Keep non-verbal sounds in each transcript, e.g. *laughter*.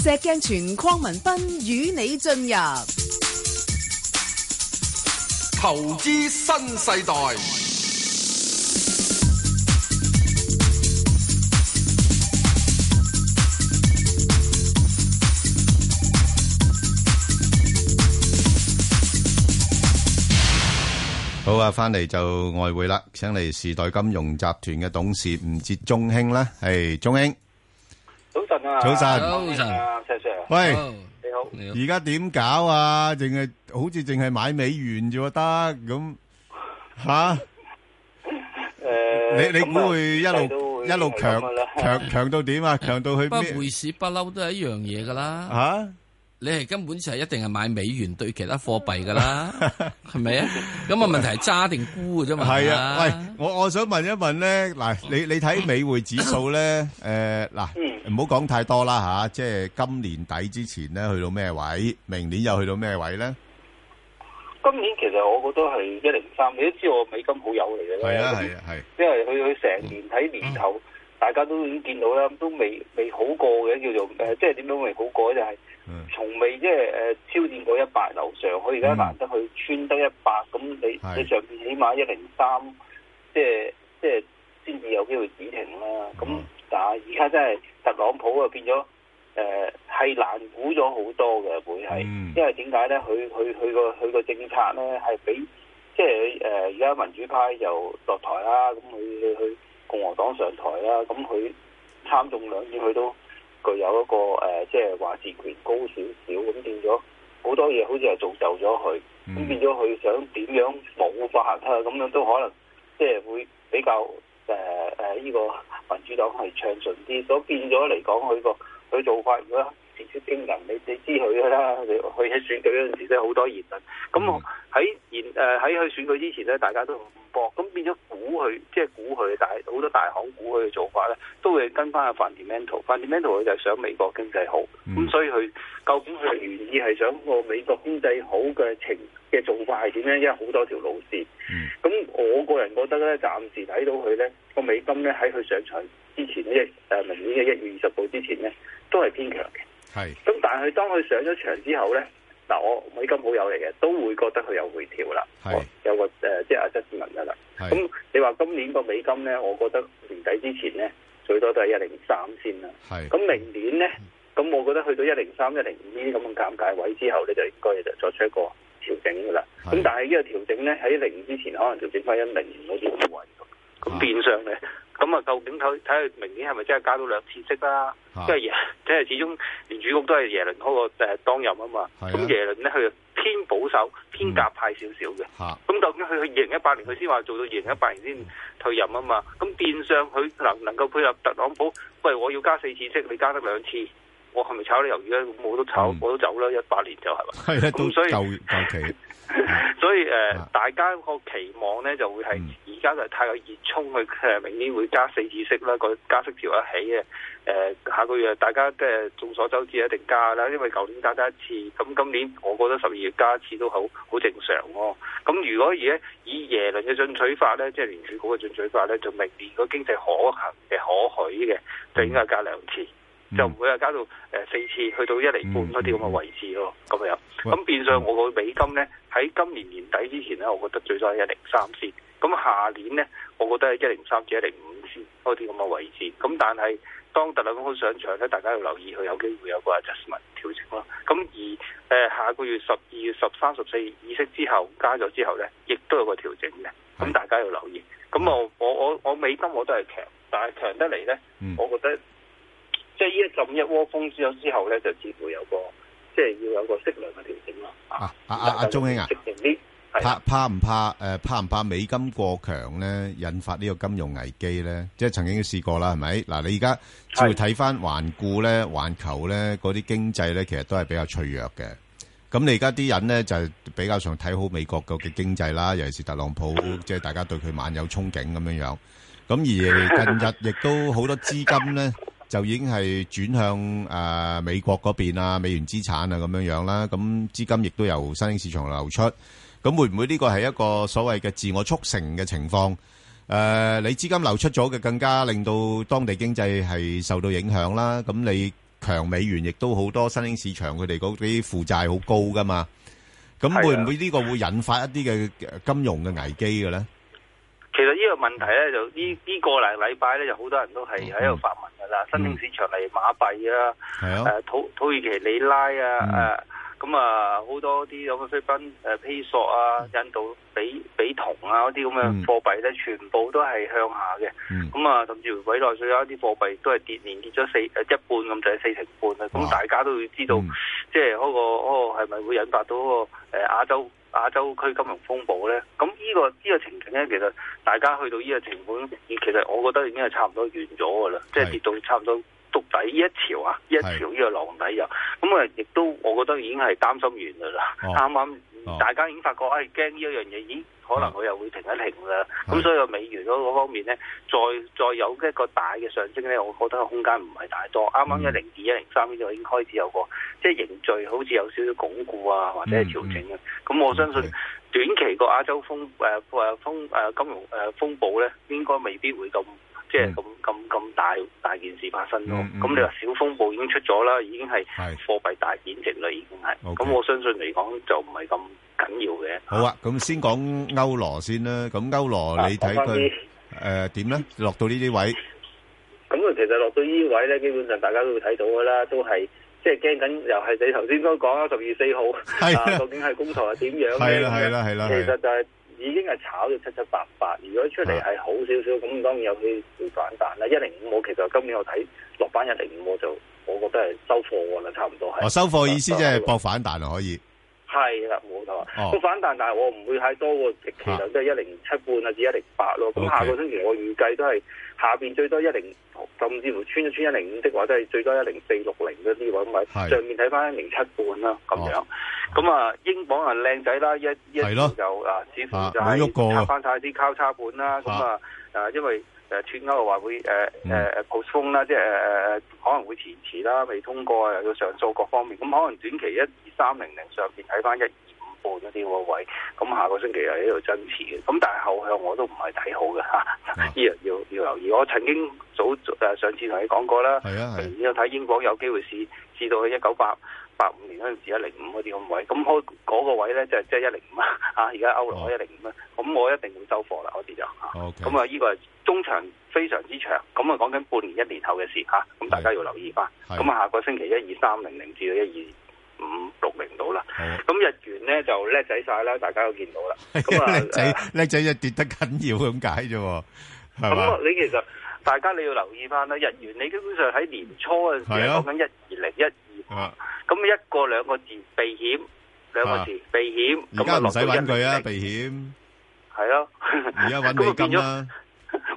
石鏡泉鄺文斌與你進入投資新世代。好啊，翻嚟就外匯啦，請嚟時代金融集團嘅董事吳捷鐘兄啦，係鐘兄。早晨、啊、早晨，早晨，喂，你好，你好。而家點搞啊？淨係好似淨係買美元咋、啊？得咁吓？誒、啊呃，你你估會一路、呃、一路強強強到點啊？強到去咩？匯市不嬲都係一樣嘢噶啦。吓、啊？你係根本就係一定係買美元兌其他貨幣噶啦，係咪啊？咁啊問題係揸定沽嘅啫嘛。係啊，喂，我我想問一問咧，嗱，你你睇美匯指數咧，誒，嗱，唔好講太多啦吓，即係今年底之前咧去到咩位，明年又去到咩位咧？今年其實我覺得係一零三，你都知我美金好友嚟嘅啦。係啊係啊係，因為佢佢成年睇年頭，大家都已經見到啦，都未未好過嘅，叫做誒，即係點樣未好過就係。從未即係誒挑戰過一百樓上，佢而家難得去、嗯、穿得一百，咁你是你上邊起碼一零三，即係即係先至有機會止停啦。咁、嗯、但係而家真係特朗普啊變咗誒係難估咗好多嘅會係，嗯、因為點解咧？佢佢佢個佢個政策咧係畀即係誒而家民主派又落台啦，咁佢去佢共和黨上台啦，咁佢參眾兩院，佢都。佢有一個誒，即係話事權高少少，咁變咗好多嘢，好似係造就咗佢，咁變咗佢想點樣做法啊？咁樣都可能即係、就是、會比較誒誒呢個民主黨係暢順啲，所以變咗嚟講，佢、這個佢做法啦。啲精英，你你知佢噶啦，佢喺選舉嗰陣時咧好多言論。咁喺言誒喺佢選舉之前咧，大家都唔搏，咁變咗估佢，即係估佢，即係估佢大好多大行估佢嘅做法咧，都會跟翻阿 fundamental，fundamental 佢就係想美國經濟好，咁、mm. 所以佢究竟佢嘅原意係想個美國經濟好嘅情嘅做法係點咧？因為好多條路線。咁、mm. 我個人覺得咧，暫時睇到佢咧個美金咧喺佢上場之前咧，誒明年嘅一月二十號之前咧，都係偏強嘅。係，咁是但係當佢上咗場之後咧，嗱我美金好有嚟嘅，都會覺得佢有回調啦。係是、哦，有個誒、呃，即係阿 j 志文 t i 噶啦。係是，咁你話今年個美金咧，我覺得年底之前咧，最多都係一零三先啦。係是，咁明年咧，咁我覺得去到一零三、一零五呢啲咁嘅減尬位之後咧，你就應該就作出一個調整噶啦。咁是但係呢個調整咧，喺零之前可能調整翻一零嗰啲位。咁、啊、變相嚟，咁、嗯、啊究竟睇睇佢明年係咪真係加到兩次息啦、啊？啊、因為耶，即係始終連主局都係耶倫嗰個當任啊嘛。咁、啊、耶倫咧佢偏保守、偏夾派少少嘅。咁、嗯啊、究竟佢去二零一八年，佢先話做到二零一八年先退任啊嘛？咁變相佢能能夠配合特朗普，喂，我要加四次息，你加得兩次。我係咪炒你魷魚咧？冇得炒，嗯、我都走啦！一八年就係嘛，咁、嗯、所以、嗯、 *laughs* 所以誒，呃嗯、大家個期望咧就會係而家就太有熱衷去明年會加四次息啦，個加息調一起嘅誒、呃，下個月大家即係眾所周知一定加啦，因為舊年加得一次，咁今年我覺得十二月加一次都好好正常喎、啊。咁如果而家以耶倫嘅進取法咧，即係聯儲局嘅進取法咧，就明年個經濟可行嘅可許嘅，就應該係加兩次。嗯嗯、就唔會話加到誒、呃、四次，去到一釐半嗰啲咁嘅位置咯，咁、嗯、樣。咁、嗯、變相我個美金咧，喺今年年底之前咧，我覺得最多一零三先。咁下年咧，我覺得一零三至一零五先，嗰啲咁嘅位置。咁但係當特朗普上場咧，大家要留意佢有機會有個 adjustment 調整咯。咁而誒、呃、下個月十二月十三十四議息之後加咗之後咧，亦都有個調整嘅。咁大家要留意。咁我我我我美金我都係強，但係強得嚟咧，我覺得。即係依一浸一窩蜂之後咧，就只會有個即係要有個適量嘅調整啦。啊啊啊！鍾兄啊，適應啲，怕怕唔怕？誒怕唔怕美金過強咧，引發呢個金融危機咧？即係曾經都試過啦，係咪？嗱，你而家只會睇翻環顧咧，環球咧嗰啲經濟咧，其實都係比較脆弱嘅。咁你而家啲人咧就比較常睇好美國嘅經濟啦，尤其是特朗普，即係大家對佢萬有憧憬咁樣樣。咁而近日亦都好多資金咧。 *laughs* 就已經係轉向誒美國嗰邊啊，美元資產啊咁樣樣啦，咁資金亦都由新興市場流出，咁會唔會呢個係一個所謂嘅自我促成嘅情況？誒，你資金流出咗嘅，更加令到當地經濟係受到影響啦。咁你強美元亦都好多新興市場佢哋嗰啲負債好高噶嘛，咁會唔會呢個會引發一啲嘅金融嘅危機嘅呢？個問題咧就呢呢個嚟禮拜咧，就好多人都係喺度發文噶啦。嗯、新興市場嚟馬幣的啊，誒土土耳其里拉、嗯、啊，誒咁啊，好多啲咁嘅菲律賓誒披索啊，印度比比銅啊嗰啲咁嘅貨幣咧，全部都係向下嘅。咁、嗯、啊，甚至委內瑞拉啲貨幣都係跌，跌，連跌咗四誒一半咁，就係四成半啦。咁哇、嗯、大家都要知道，即係嗰個嗰個係咪會引發到誒、嗰個呃、亞洲？亞洲區金融風暴呢，咁呢個呢個情景呢，其實大家去到呢個情況，其實我覺得已經係差唔多完咗㗎啦，即係跌到差唔多。獨底一潮啊，一潮呢個浪底又，咁啊亦都，我覺得已經係擔心完噶啦。啱啱、哦、大家已經發覺，哎驚呢一樣嘢，咦可能佢又會停一停啦。咁是所以美元嗰個方面咧，再再有一個大嘅上升咧，我覺得空間唔係大多。啱啱一零二、一零三呢度已經開始有個即係、嗯、凝聚，好似有少少鞏固啊，或者係調整啊。咁、嗯嗯、我相信短期個亞洲風誒誒、呃、風誒金融誒風暴咧，應該未必會咁。即係咁咁咁大大件事發生咯，咁你話小風暴已經出咗啦，已經係貨幣大貶值啦，已經係。咁我相信嚟講就唔係咁緊要嘅。好啊，咁先講歐羅先啦。咁歐羅你睇佢誒點咧？落到呢啲位，咁啊，其實落到呢啲位咧，基本上大家都會睇到噶啦，都係即係驚緊，又係你頭先都講啦，十二月四號啊，究竟係公投係點樣咧？係啦，係啦，係啦，其實就係。已經係炒到七七八八，如果出嚟係好少少，咁的當然有啲會反彈啦。一零五我其實今年我睇落班一零五我就，我覺得係收貨啦，差唔多係。哦，收貨意思即係博反彈就可以。係啦，冇錯。博、哦、反彈，但係我唔會太多過，其實都係一零七半啊，至一零八咯。咁下個星期我預計都係。下邊最多一零，甚至乎穿一穿一零五的話，都係最多一零四六零嗰啲位。咁啊，上面睇翻一零七半啦，咁樣。咁啊，英鎊啊靚仔啦，一一就啊，似乎就喺測翻曬啲交叉盤啦。咁啊，啊因為誒穿歐話會誒誒 postpone 啦，呃嗯、即係可能會延遲啦，未通過又要上訴各方面。咁可能短期一二三零零，上邊睇翻一二。半嗰啲位，咁下個星期又喺度增持嘅，咁但係後向我都唔係睇好嘅吓，依樣要要留意。我曾經早誒上次同你講過啦，係啊有睇英國有機會試至到去一九八八五年嗰陣時一零五嗰啲咁位，咁開嗰個位咧就即係一零五啊，啊而家歐羅開一零五啊。咁我一定會收貨啦，我哋就吓，咁啊呢個係中長非常之長，咁啊講緊半年一年後嘅事吓，咁大家要留意翻，咁啊下個星期一二三零零至到一二五。明到啦，咁日元咧就叻仔晒啦，大家都見到啦。叻仔叻仔一跌得緊要咁解啫，係嘛？你其實大家你要留意翻啦，日元你基本上喺年初嘅時候講緊一二零一二，咁一個兩個字避險，兩個字避險，而家唔使揾佢啊，避險。係咯，而家揾美金啊，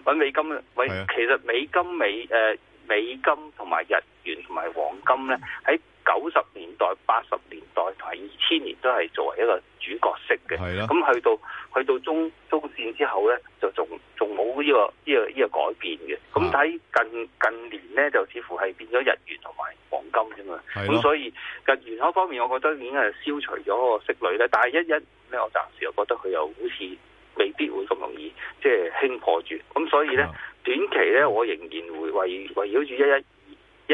揾美金啊，揾其實美金美誒美金同埋、呃、日元同埋黃金咧喺。九十年代、八十年代同埋二千年都係作為一個主角色嘅，係咯的。咁去到去到中中線之後咧，就仲仲冇呢個呢、呢個呢、呢個改變嘅。咁睇的近近年咧，就似乎係變咗日元同埋黃金啫嘛。咁的所以日元方面，我覺得已經係消除咗個息率咧。但係一一咧，我暫時又覺得佢又好似未必會咁容易即係、即係、輕破住。咁所以咧，的短期咧，我仍然會圍圍繞住一,一一。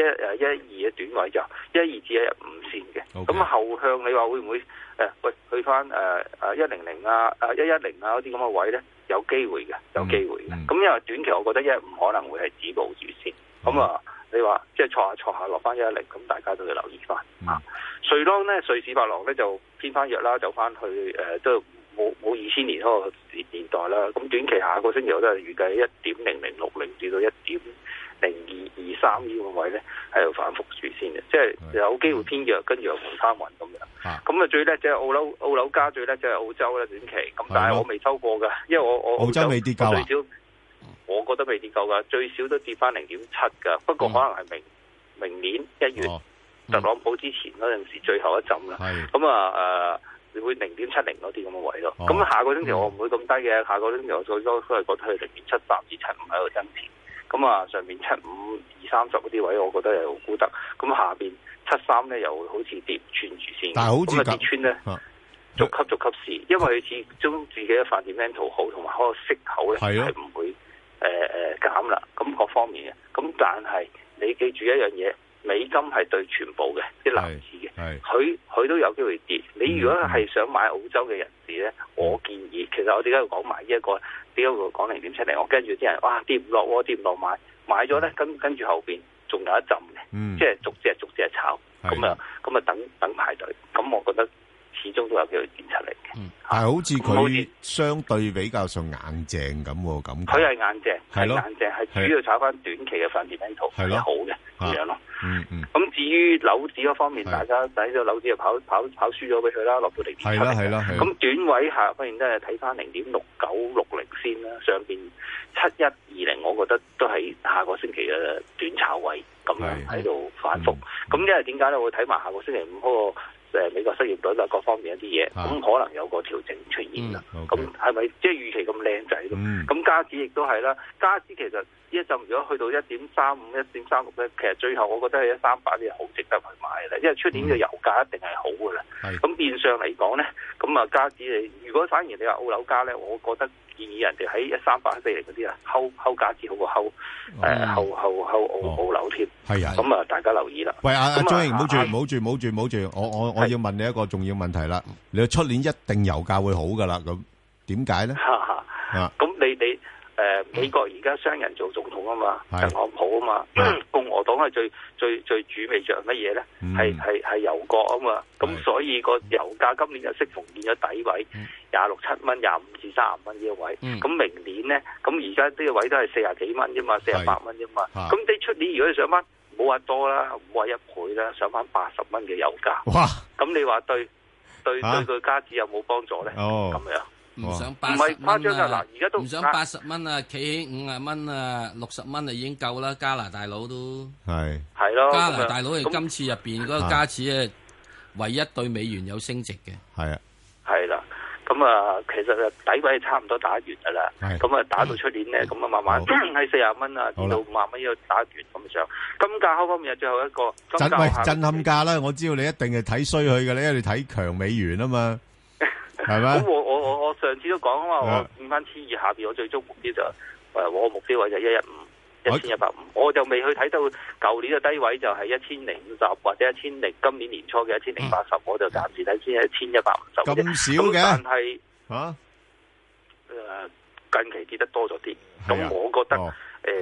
一誒一一二嘅短位就一一二至一一五線嘅，咁 Okay. 後向你話會唔會誒？喂，去翻誒誒一零零啊，誒一一零啊嗰啲咁嘅位咧，有機會嘅，有機會嘅。咁、mm. 因為短期我覺得一一五可能會係止步住先，咁啊、mm.，你話即係錯下錯下落翻一一零，咁大家都要留意、mm. 翻啊。瑞郎咧，瑞士法郎咧就偏翻弱啦，就翻去誒、呃，都冇冇二千年嗰個年代啦。咁短期下個星期我都係預計一點零零六零至到一點。1. 零二二三呢個位咧，係度反覆住先嘅，即係有機會偏弱，跟住又黃三雲咁樣。咁啊，最叻就係澳樓，澳樓加最叻就係澳洲啦，短期。咁但係我未收過嘅，因為我我澳洲未跌夠最少，我覺得未跌夠噶，最少都跌翻零點七噶。不過可能係明明年一月特朗普之前嗰陣時最後一陣啦。咁啊誒，會零點七零嗰啲咁嘅位咯。咁下個星期我唔會咁低嘅。下個星期我最多都係覺得係零點七三至七五喺度增持。咁啊，上面七五二三十啲位，我覺得又好孤特。咁下邊七三咧，又好似跌穿住先。但係好似啊！ *noise* *noise* 跌穿咧， *noise* 逐級逐級試，因為始終自己嘅發展藍圖好，同埋個息口咧係唔會誒誒、呃呃、減啦。咁各方面嘅。咁但係你記住一樣嘢。美金係對全部嘅啲樓市嘅，佢佢都有機會跌。你如果係想買澳洲嘅人士咧，我建議其實我點解要講埋呢一個？點解會講零點七零？我跟住啲人哇跌唔落喎，跌唔落買買咗咧，跟跟住後邊仲有一浸嘅，即係逐隻逐隻炒咁啊，咁啊等等排隊。咁我覺得始終都有機會跌出嚟嘅。係好似佢相對比較上硬淨咁喎，感覺佢係硬淨，係硬淨，係主要炒翻短期嘅 financial 係咯好嘅咁樣咯。嗯，咁、嗯、至於樓市嗰方面，的大家睇到樓市就跑跑跑輸咗俾佢啦，落到地睇啦。係啦係咁短位下，忽然間真係睇翻零點六九六零先啦，上邊七一二零，我覺得都係下個星期嘅短炒位咁樣喺度的反覆。咁即係點解咧？我會睇埋下個星期五嗰個。誒美國失業率啦，各方面一啲嘢，咁的可能有個調整出現啦。咁係咪即係預期咁靚仔咁？咁、嗯、加指亦都係啦。加指其實呢一陣如果去到一點三五、一點三六咧，其實最後我覺得係一三百啲好值得去買啦，因為出年嘅油價一定係好嘅啦。咁變、嗯、相嚟講咧，咁啊加指，如果反而你話澳紐加咧，我覺得。建議人哋喺一三八四零嗰啲啊，後後價字好過後誒後後後澳樓貼，係啊，咁啊大家留意啦。喂啊阿張，唔好住唔好住唔好住唔好住，我我我要問你一個重要問題啦。你出年一定油價會好噶啦？咁點解咧？咁你你。誒，美國而家商人做總統啊嘛，特朗普啊嘛，共和黨係最最最準備着乜嘢？咧係係係油國啊嘛，咁所以個油價今年就識重建咗底位，廿六七蚊，廿五至三十蚊呢個位。咁明年咧，咁而家呢個位都係四十幾蚊啫嘛，四十八蚊啫嘛。咁你出年如果你上翻，唔好話多啦，唔好話一倍啦，上翻八十蚊嘅油價。哇！咁你話對對對佢家子有冇幫助咧？哦，咁樣。唔想八十蚊啊！唔想八十蚊啊！企起五啊蚊啊，六十蚊啊，已經夠啦！加拿大佬都係係咯，加拿大佬係今次入邊嗰個價錢咧，唯一對美元有升值嘅係啊，係啦，咁啊，其實啊，底位差唔多打完噶啦，咁啊，打到出年咧，咁啊，慢慢喺四啊蚊啊，跌到五啊蚊要打完，咁上金價口方面係最後一個震撼價啦！我知道你一定係睇衰佢嘅，你因為睇強美元啊嘛。係咩？咁我我我我上次都講啊嘛，的我見返千二下邊，我最終目標就誒、是啊呃，我目標位就係一一五一千一百五，我就未去睇到舊年嘅低位就係一千零五十或者一千零今年年初嘅一千零八十，我就暫時睇先一千一百五十。咁少嘅，但係啊，誒、啊，是啊、近期跌得多咗啲，咁、嗯、的我覺得誒、啊呃、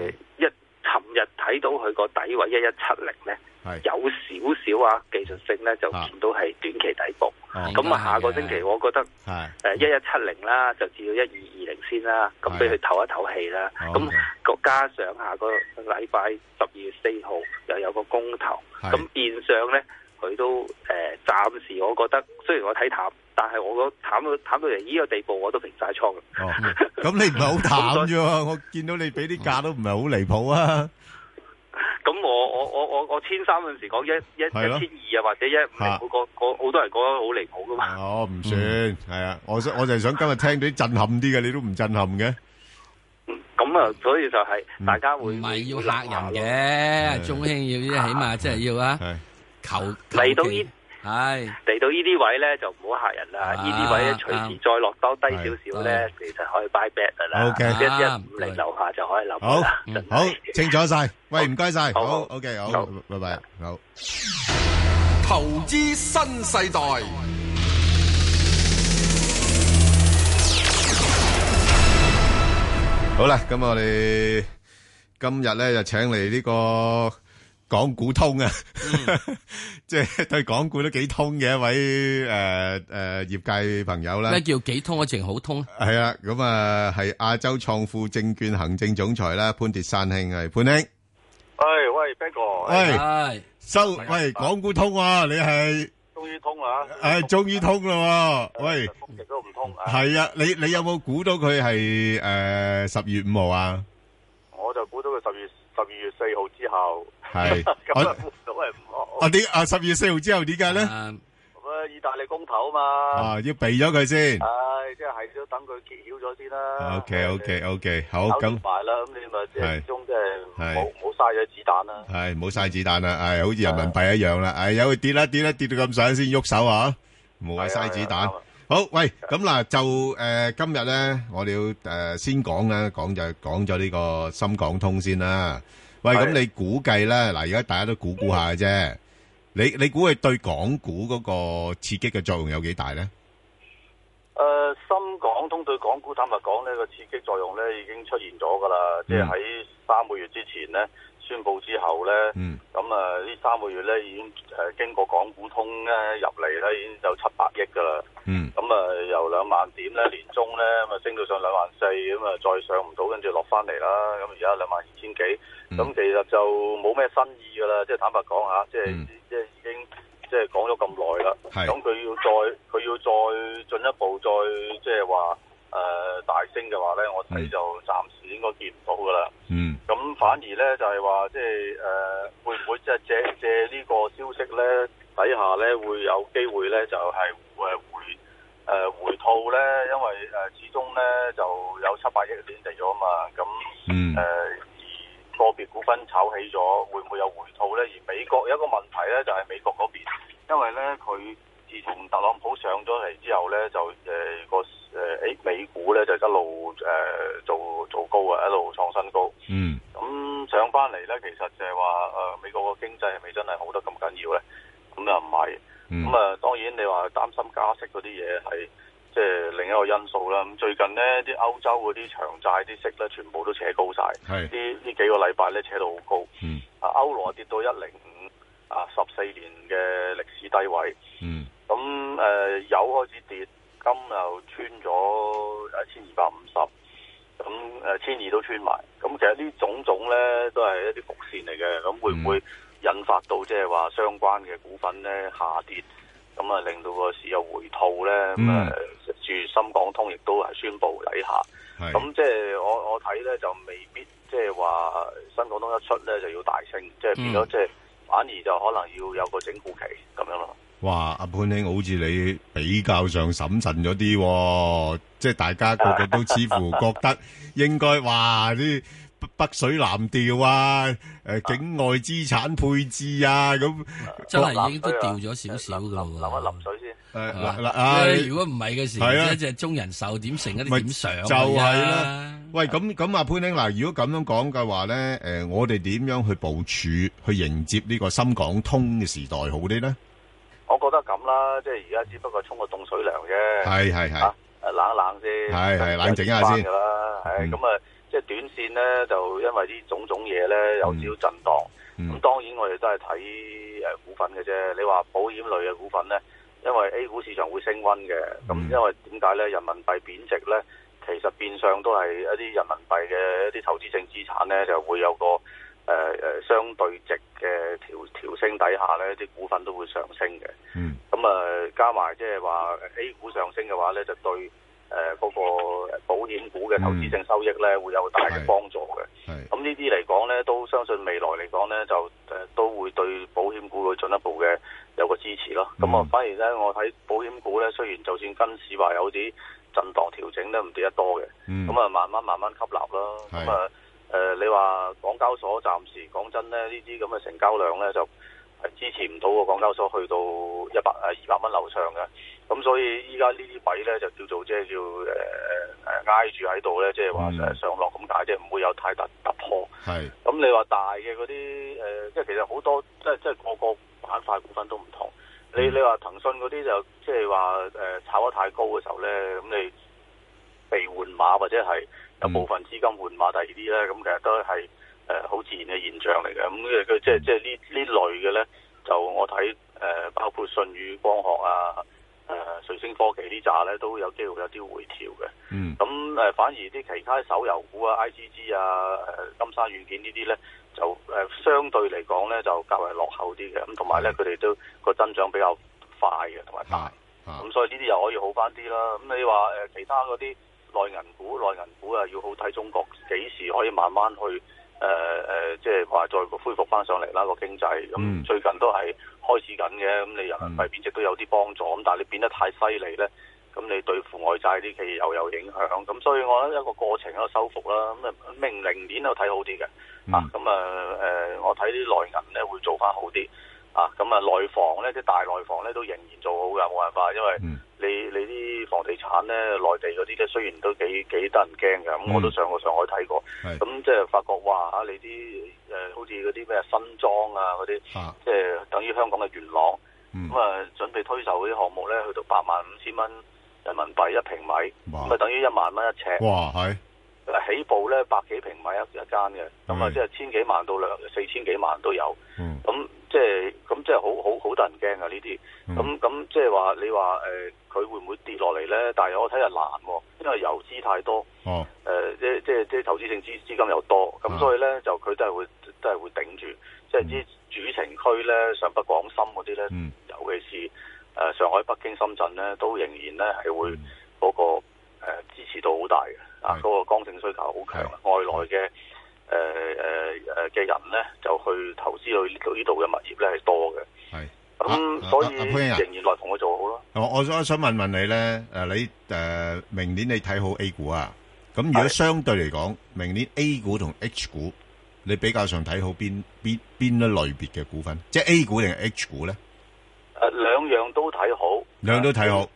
一。琴日睇到佢個底位一一七零咧，有少少啊技術性咧就見到係短期底部，咁啊、哦、下個星期我覺得誒一一七零啦，是就至到一二二零先啦，咁俾佢唞一唞氣啦，咁再是加上下個禮拜十二月四號又有個公投，咁變相咧佢都誒、呃、暫時我覺得雖然我睇淡。但係我個淡到淡到嚟呢個地步，我都平曬倉啦。哦，咁你唔係好淡啫喎！我見到你俾啲價都唔係好離譜啊。咁我我我我我千三嗰陣時講一一一千二啊，或者一五零，我覺覺好多人講得好離譜噶嘛。哦，唔算，係啊，我想我就係想今日聽到啲震撼啲嘅，你都唔震撼嘅。咁啊，所以就係大家會唔係要嚇人嘅？中興要，即係起碼即係要啊！求嚟到依。係嚟到呢啲位咧，就唔好嚇人啦。呢啲位咧，隨時再落多低少少咧，其實可以 buy back 噶啦。一一五零樓下就可以留啦。好，好，清楚晒，喂，唔該晒，好，OK，好，拜拜，好。投資新世代。好啦，咁我哋今日咧就請嚟呢個。港股通啊，即係對港股都幾通嘅一位誒誒業界朋友啦。咩叫幾通啊？淨好通係啊。咁啊，係亞洲創富證券行政總裁啦，潘鐵珊兄係潘兄。誒喂，邊個？誒，收喂，港股通啊，你係終於通啦，誒，終於通啦。喂，一直都唔通係啊。你你有冇估到佢係誒十月五號啊？我就估到佢十月十二月四號之後。係咁都估唔到係唔好。啊，點啊，十二月四號之後點解咧？咁啊，意大利公投啊嘛。啊，要避咗佢先。係即係，都等佢揭曉咗先啦。OK，OK，OK，好咁。拋市快啦，咁你咪始終即係冇冇嘥咗子彈啦。係冇嘥子彈啦，係好似人民幣一樣啦。哎，有佢跌啦跌啦，跌到咁上先喐手啊，唔好嘥子彈。好喂，咁嗱就誒今日咧，我哋要誒先講啦，講就係講咗呢個深港通先啦。喂，咁你估計呢？嗱，而家大家都估估下啫。你你估計對港股嗰個刺激嘅作用有幾大呢？誒、呃，深港通對港股，坦白講呢、這個刺激作用呢已經出現咗噶啦。嗯、即係喺三個月之前呢。宣布之後咧，咁啊呢三個月咧已經誒經過港股通咧入嚟咧已經有七百億噶啦，咁啊、嗯、由兩萬點咧年中咧咁啊升到上兩萬四，咁啊再上唔到，跟住落翻嚟啦，咁而家兩萬二千幾，咁、嗯、其實就冇咩新意噶啦，即係坦白講吓，即係即係已經即係講咗咁耐啦，咁佢是要再佢要再進一步再即係話誒大升嘅話咧，我睇就暫時，應該見唔到㗎啦。嗯。咁反而咧就係、是、話，即係誒，會唔會借借借呢個消息咧底下咧會有機會咧就係誒回誒回、呃、回吐咧？因為誒始終咧就有七八億點跌咗嘛。咁誒、嗯呃、而個別股份炒起咗，會唔會有回吐咧？而美國有一個問題咧，就係美國嗰邊，因為咧佢自從特朗普上咗嚟之後咧，就誒個。呃誒，誒，美股咧就一路誒、呃、做做高啊，一路創新高。Mm. 嗯。咁上翻嚟咧，其實就係話誒，美國個經濟係咪真係好得咁緊要咧？咁又唔係。咁啊、mm. 嗯，當然你話擔心加息嗰啲嘢係，即、就、係、是、另一個因素啦。咁最近呢啲歐洲嗰啲長債啲息咧，全部都扯高晒。係是。啲呢幾個禮拜咧扯到好高。嗯。啊，歐羅跌到一零五，啊，十四年嘅歷史低位。Mm. 嗯。咁、呃、誒，油開始跌。金又穿咗一千二百五十，咁誒千二都穿埋，咁其實呢種種咧都係一啲伏線嚟嘅，咁會唔會引發到即係話相關嘅股份咧下跌？咁啊令到個市有回吐咧？咁啊，住深港通亦都係宣布底下，咁即係我我睇咧就未必，即係話深港通一出咧就要大升，即係變咗即係反而就可能要有個整固期。哇！阿潘兄，好似你比較上審慎咗啲，即係大家個個都似乎覺得應該話啲北水南調啊，誒境外資產配置啊，咁真係已經都調咗少少啦。淋一淋水先。嗱嗱，如果唔係嘅時候，一隻中人壽點成一啲點上就係啦。喂，咁咁阿潘兄，嗱，如果咁樣講嘅話咧，誒，我哋點樣去部署去迎接呢個深港通嘅時代好啲咧？即係而家只不過沖個凍水涼啫，係係係，啊冷一冷先，係係冷靜一下先噶的啦，咁啊即係短線咧就，因為啲種種嘢咧有少少震盪，咁當然我哋都係睇誒股份嘅啫。你話保險類嘅股份咧，因為 A 股市場會升溫嘅，咁因為點解咧？人民幣貶值咧，其實變相都係一啲人民幣嘅一啲投資性資產咧，就會有個。誒誒、呃、相對值嘅調調升底下咧，啲股份都會上升嘅。嗯。咁啊，加埋即係話 A 股上升嘅話咧，就對誒嗰、呃、個保險股嘅投資性收益咧，會有大嘅幫助嘅。咁、啊、呢啲嚟講咧，都相信未來嚟講咧，就誒、啊、都會對保險股會進一步嘅有個支持咯。咁啊、嗯，反而咧，我睇保險股咧，雖然就算今時話有啲震盪調整咧，唔跌得多嘅。咁啊、嗯，慢慢慢慢吸納啦。咁啊。啊嗯啊誒、呃，你話港交所暫時講真咧，呢啲咁嘅成交量咧就係支持唔到個港交所去到一百誒二百蚊流暢樓上嘅。咁、啊、所以依家呢啲位咧就叫做即係、呃、叫誒誒挨住喺度咧，即係話誒上落咁解，即係唔會有太大突破。係、嗯。咁、嗯、你話大嘅嗰啲誒，即係其實好多即係即係個個板塊股份都唔同。你你話騰訊嗰啲就即係話誒炒得太高嘅時候咧，咁、嗯、你被換馬或者係。嗯、有部分資金換馬，第二啲咧，咁其實都係誒好自然嘅現象嚟嘅。咁、嗯、嘅、嗯、即係即係呢呢類嘅咧，就我睇誒、呃，包括舜宇光學啊、誒、呃、瑞聲科技呢扎咧，都有機會有啲回調嘅。嗯。咁誒、呃，反而啲其他手遊股啊、IGG 啊、呃、金山軟件呢啲咧，就誒、呃、相對嚟講咧，就較為落後啲嘅。咁同埋咧，佢哋都個增長比較快嘅，同埋大。咁所以呢啲又可以好返啲啦。咁你話誒其他嗰啲？內銀股內銀股啊，要好睇中國幾時可以慢慢去誒誒，即係話再恢復翻上嚟啦、個經濟。咁、嗯、最近都係開始緊嘅，咁你人民幣貶值都有啲幫助。咁、嗯、但係你貶得太犀利咧，咁你對付外債啲企業又有影響。咁所以我覺得一個過程一個修復啦。咁啊，明零年都睇好啲嘅。啊，咁、嗯嗯、啊誒、呃，我睇啲內銀咧會做翻好啲。啊，咁啊，內房咧，即係大內房咧都仍然做好噶，冇辦法，因為你你啲房地產咧，內地嗰啲咧，雖然都幾幾得人驚噶，咁我都上過上海睇過，咁即係發覺哇嚇，你啲誒好似嗰啲咩新莊啊嗰啲，即係等於香港嘅元朗，咁啊準備推售嗰啲項目咧，去到八萬五千蚊人民幣一平米，咁啊等於一萬蚊一尺，哇係，起步咧百幾平米一一間嘅，咁啊即係千幾萬到兩四千幾萬都有，咁。即係咁，即係好好好得人驚啊！呢啲咁咁，即係話你話誒，佢、呃、會唔會跌落嚟咧？但係我睇係難，因為遊資太多，誒、哦呃，即即即投資性資資金又多，咁、哦、所以咧就佢都係會都係會頂住。即係啲主城區咧，上北廣深嗰啲咧，嗯、尤其是誒、呃、上海、北京、深圳咧，都仍然咧係會嗰、那個、嗯呃、支持度好大嘅。嗯、啊，嗰、那個剛性需求好強，的是外來嘅來。誒誒誒嘅人咧，就去投資去呢度呢度嘅物業咧，係多嘅係咁，所以仍然來同佢做好咯。我我我想問問你咧誒，你誒明年你睇好 A 股啊？咁如果相對嚟講，明年 A 股同 H 股，你比較上睇好邊邊邊一類別嘅股份，即係 A 股定係 H 股咧？誒，兩樣都睇好，兩樣都睇好。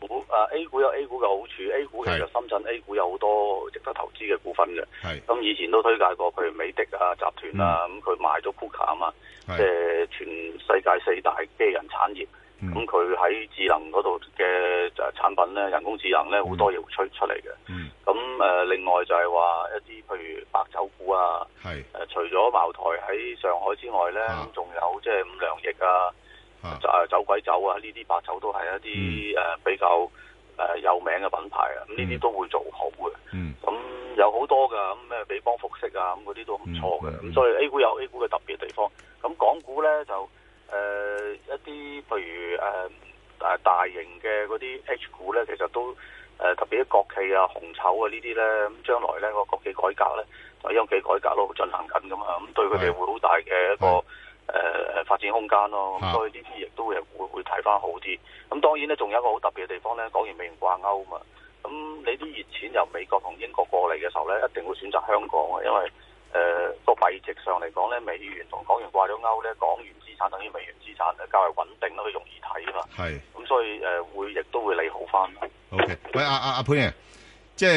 A 股有 A 股嘅好處，A 股其實深圳 A 股有好多值得投資嘅股份嘅。咁以前都推介過，譬如美的啊集團啊，咁佢買咗庫卡啊嘛，即係全世界四大機器人產業。咁佢喺智能嗰度嘅就產品咧，人工智能咧好多嘢會推出嚟嘅。咁誒，另外就係話一啲譬如白酒股啊，誒除咗茅台喺上海之外咧，仲有即係五糧液啊，就啊酒鬼酒啊，呢啲白酒都係一啲誒比較。誒有名嘅品牌啊，咁呢啲都會做好嘅。嗯，咁有好多噶，咁咩美邦服飾啊，咁嗰啲都唔錯嘅。咁、嗯嗯、所以 A 股有 A 股嘅特別地方，咁港股咧就誒、呃、一啲譬如誒誒、呃、大型嘅嗰啲 H 股咧，其實都誒、呃、特別啲國企啊、紅籌啊呢啲咧，咁將來咧個國企改革咧就央企改革咯，進行緊㗎嘛。咁對佢哋會好大嘅一個的誒誒、呃，發展空間咯，啊、所以呢啲亦都會會會睇翻好啲。咁、啊、當然咧，仲有一個好特別嘅地方咧，港元美元掛鈎啊嘛。咁、啊、你啲熱錢由美國同英國過嚟嘅時候咧，一定會選擇香港啊，因為誒個幣值上嚟講咧，美元同港元掛咗鈎咧，港元資產等於美元資產咧，較為穩定咯，佢容易睇啊嘛。係咁是、啊，所以誒會亦都會利好翻。O、okay. K，喂阿阿阿潘啊，啊啊即係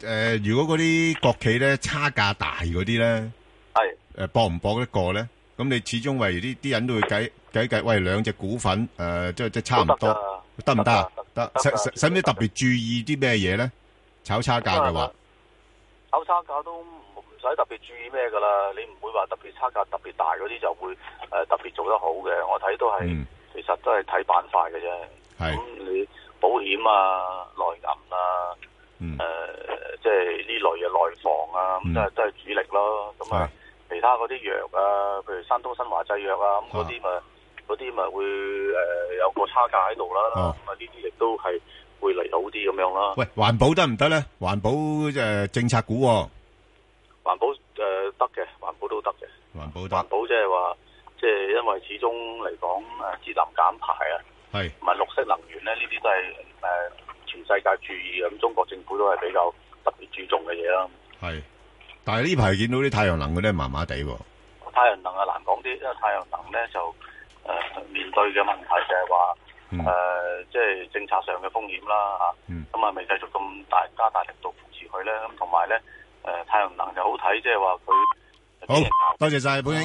誒、呃，如果嗰啲國企咧差價大嗰啲咧，係誒搏唔搏一個咧？咁你始終為呢啲人都會計計計，喂兩隻股份誒，即係即係差唔多得唔得啊？得使使唔使特別注意啲咩嘢咧？炒差價係嘛？炒差價都唔唔使特別注意咩噶啦？你唔會話特別差價特別大嗰啲就會誒特別做得好嘅。我睇都係其實都係睇板塊嘅啫。係咁你保險啊，內銀啊，誒即係呢類嘅內房啊，咁都係都係主力咯。咁啊。其他嗰啲藥啊，譬如山東新華製藥啊，咁嗰啲咪嗰啲咪會誒有個差價喺度啦。咁啊呢啲亦都係會嚟到啲咁樣啦、啊。喂，環保得唔得咧？環保誒、呃、政策股、哦，環保誒得嘅，環、呃、保都得嘅。環保，環保即係話，即、就、係、是、因為始終嚟講誒節能減排啊，係唔係綠色能源咧，呢啲都係誒、呃、全世界注意，咁、嗯、中國政府都係比較特別注重嘅嘢啦。係。但係呢排見到啲太陽能嘅咧，麻麻地。太陽能啊難講啲，因為太陽能咧就誒、呃、面對嘅問題、呃、就係話誒即係政策上嘅風險啦吓。咁啊未繼續咁大加大力度扶持佢咧，咁同埋咧誒太陽能就好睇，即係話佢好多謝晒潘生。